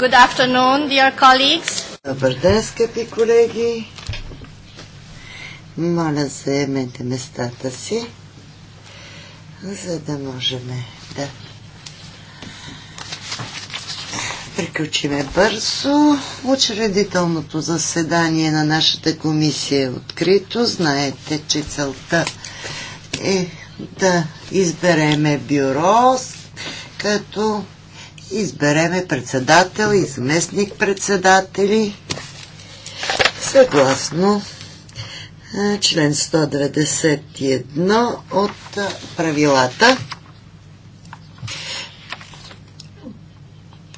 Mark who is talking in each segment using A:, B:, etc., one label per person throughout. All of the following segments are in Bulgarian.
A: Good afternoon, dear colleagues. Добър ден, скъпи колеги. Моля, заемете местата си, за да можем да приключиме бързо. Учредителното заседание на нашата комисия е открито. Знаете, че целта е да избереме бюро, като избереме председател и заместник председатели съгласно член 191 от правилата.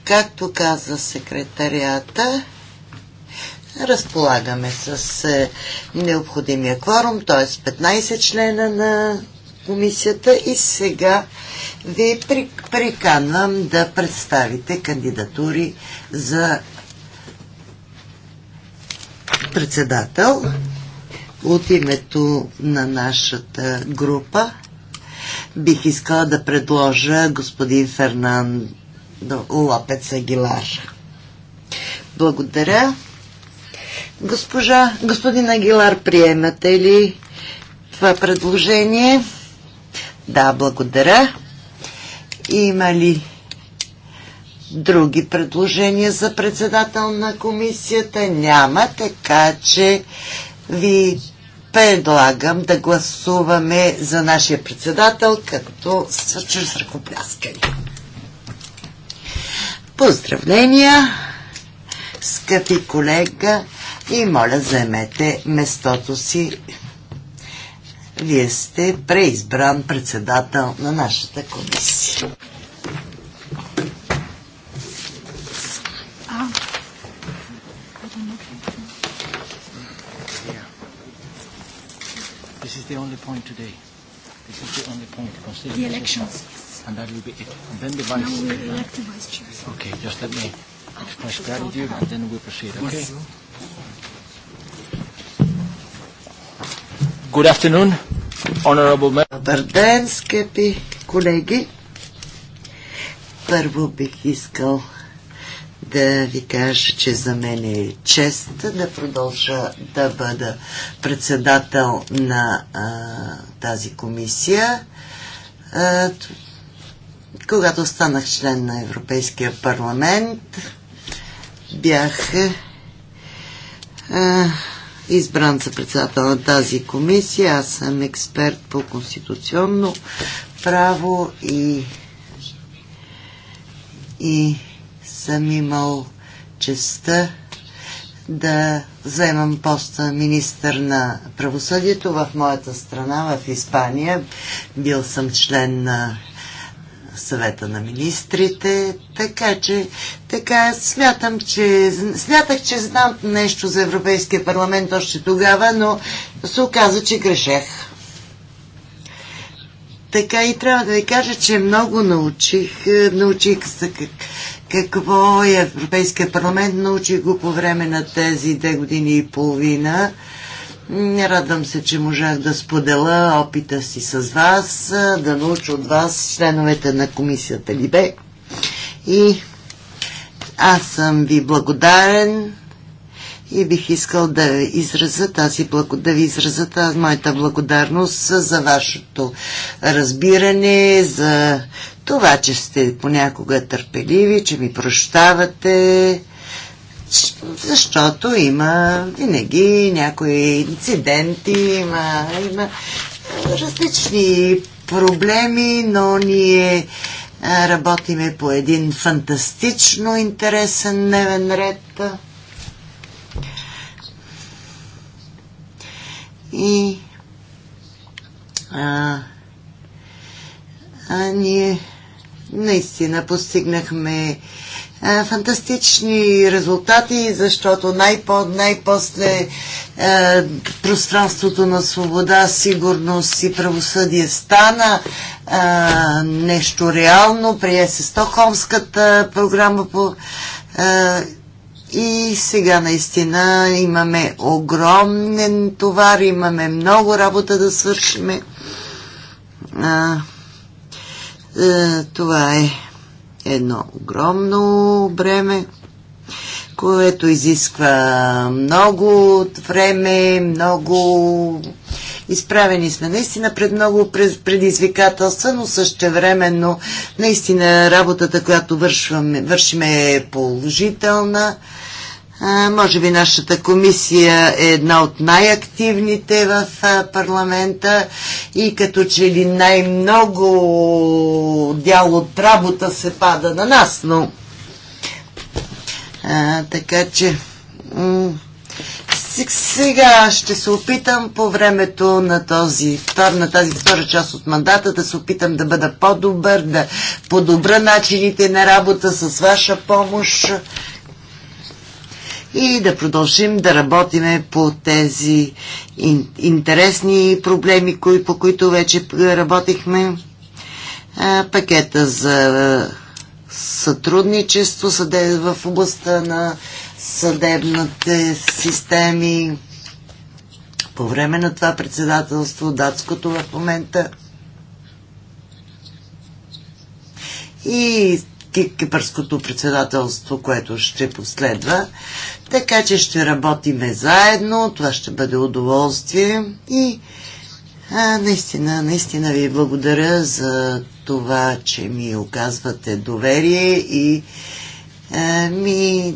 A: Както каза секретарията, разполагаме с е, необходимия кворум, т.е. 15 члена на комисията и сега ви приканвам да представите кандидатури за председател от името на нашата група. Бих искала да предложа господин Фернандо Лопец Агилар. Благодаря. Госпожа, господин Агилар, приемате ли това предложение? Да, благодаря. Има ли други предложения за председател на комисията? Няма, така че ви предлагам да гласуваме за нашия председател, като чрез ръкопляскане. Поздравления, скъпи колега, и моля заемете местото си вие сте преизбран председател на нашата комисия. This is the only point today. This is the only point. Consider the elections. And that will be it. And then the vice. Now we will elect the vice chair. Okay, just let me express gratitude and then we proceed. Okay. Good afternoon. Добър ден, скъпи колеги! Първо бих искал да ви кажа, че за мен е чест да продължа да бъда председател на а, тази комисия. А, когато станах член на Европейския парламент, бях а, избран за председател на тази комисия. Аз съм експерт по конституционно право и, и съм имал честа да вземам поста министър на правосъдието в моята страна, в Испания. Бил съм член на съвета на министрите, така че така смятам, че смятах, че знам нещо за Европейския парламент още тогава, но се оказа, че грешех. Така и трябва да ви кажа, че много научих. Е, научих се как, какво е Европейския парламент, научих го по време на тези две години и половина. Радвам се, че можах да споделя опита си с вас, да науча от вас членовете на комисията Либе. И аз съм ви благодарен и бих искал да изразя тази, да ви изразя тази моята благодарност за вашето разбиране, за това, че сте понякога търпеливи, че ми прощавате, защото има винаги някои инциденти, има, има различни проблеми, но ние работиме по един фантастично интересен дневен ред. И а, а ние наистина постигнахме е, фантастични резултати, защото най-по, най-после е, пространството на свобода, сигурност и правосъдие стана е, нещо реално. Прие се Стокхолмската програма по и сега наистина имаме огромен товар, имаме много работа да свършим. това е едно огромно бреме, което изисква много време, много... Изправени сме наистина пред много предизвикателства, но същевременно наистина работата, която вършваме, вършим е положителна може би нашата комисия е една от най-активните в парламента и като че ли най-много дял от работа се пада на нас, но а, така че сега ще се опитам по времето на, този, на тази втора част от мандата да се опитам да бъда по-добър, да подобра начините на работа с ваша помощ и да продължим да работиме по тези интересни проблеми, по които вече работихме. Пакета за сътрудничество в областта на съдебните системи. По време на това председателство, датското в момента. И кипърското председателство, което ще последва. Така че ще работиме заедно, това ще бъде удоволствие и а, наистина, наистина ви благодаря за това, че ми оказвате доверие и а, ми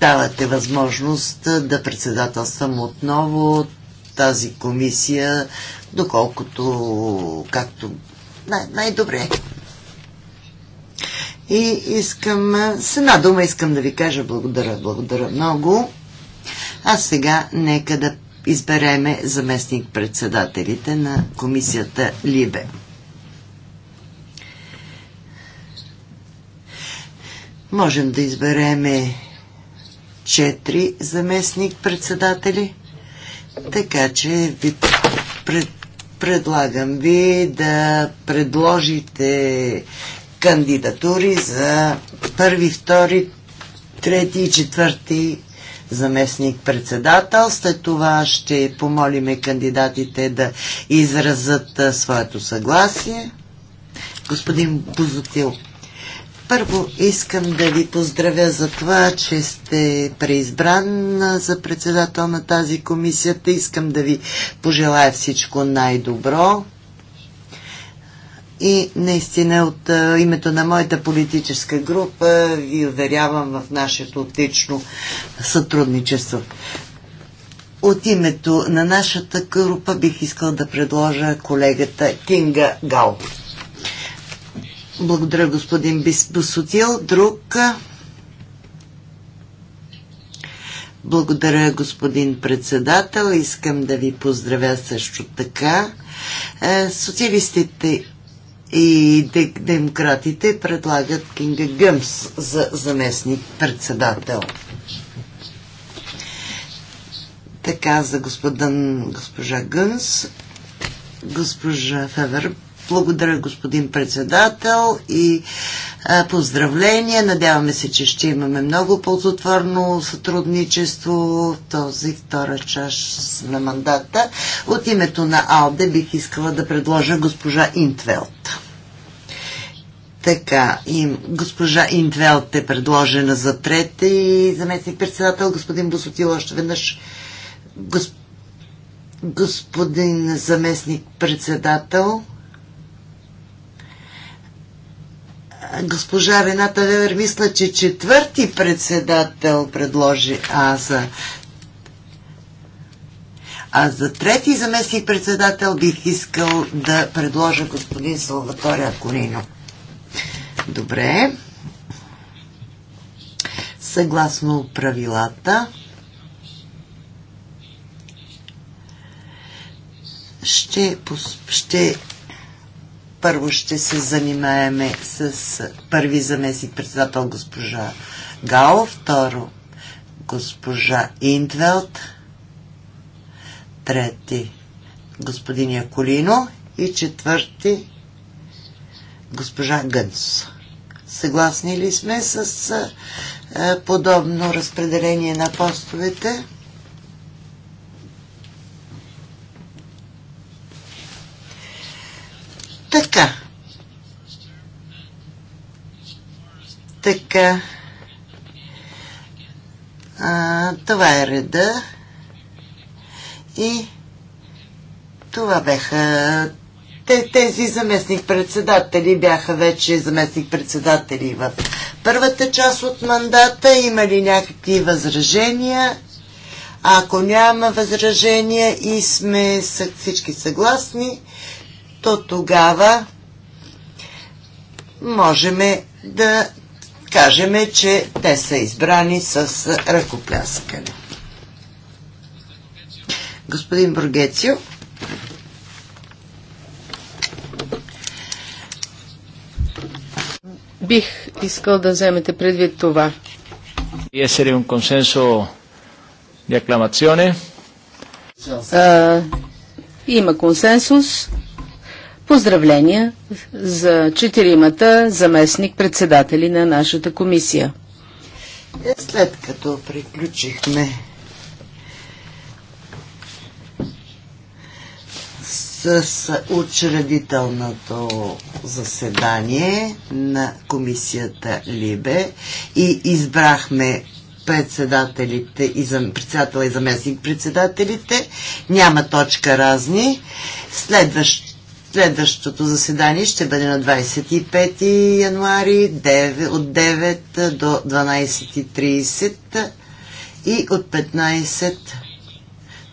A: давате възможност да председателствам отново тази комисия, доколкото, както най- най-добре. И искам, с една дума искам да ви кажа благодаря, благодаря много. А сега нека да избереме заместник-председателите на комисията Либе. Можем да избереме четири заместник-председатели, така че ви пред, предлагам ви да предложите кандидатури за първи, втори, трети и четвърти заместник-председател. След това ще помолиме кандидатите да изразат своето съгласие. Господин Бузотил, първо искам да ви поздравя за това, че сте преизбран за председател на тази комисията. Искам да ви пожелая всичко най-добро и наистина от а, името на моята политическа група ви уверявам в нашето отлично сътрудничество. От името на нашата група бих искал да предложа колегата Кинга Гал. Благодаря, господин Босотил. Друг. Благодаря, господин председател. Искам да ви поздравя също така. Е, социалистите и демократите предлагат Кинга Гъмс за заместник председател. Така за господин, госпожа Гънс, госпожа Февер благодаря, господин председател и а, поздравления. Надяваме се, че ще имаме много ползотворно сътрудничество в този втора чаш на мандата. От името на АЛДЕ бих искала да предложа госпожа Интвелт. Така, и госпожа Интвелт е предложена за и заместник председател. Господин Босотил още веднъж госп... господин заместник председател. госпожа Рената Левер, мисля, че четвърти председател предложи Аза. А за трети заместник председател бих искал да предложа господин Салватори Акорино. Добре. Съгласно правилата, ще, ще първо ще се занимаеме с първи заместник председател госпожа Гао, второ госпожа Интвелт, трети господин Яколино и четвърти госпожа Гънс. Съгласни ли сме с е, подобно разпределение на постовете? Така. Така. А, това е реда. И това беха те, тези заместник-председатели бяха вече заместник-председатели в първата част от мандата. Има ли някакви възражения? Ако няма възражения и сме всички съгласни, то тогава можем да кажем, че те са избрани с ръкопляскане. Господин Бургецио. Бих искал да вземете предвид това. Essere un consenso di acclamazione. има консенсус Поздравления за четиримата заместник-председатели на нашата комисия. Е, след като приключихме с учредителното заседание на комисията Либе и избрахме председателите и зам, председател и заместник председателите. Няма точка разни. Следващ Следващото заседание ще бъде на 25 януари 9, от 9 до 12.30 и от 15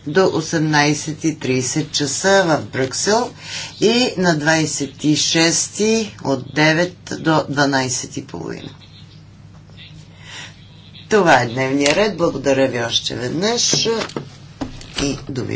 A: до 18.30 часа в Брюксел и на 26 от 9 до 12.30. Това е дневния ред. Благодаря ви още веднъж и довиждане.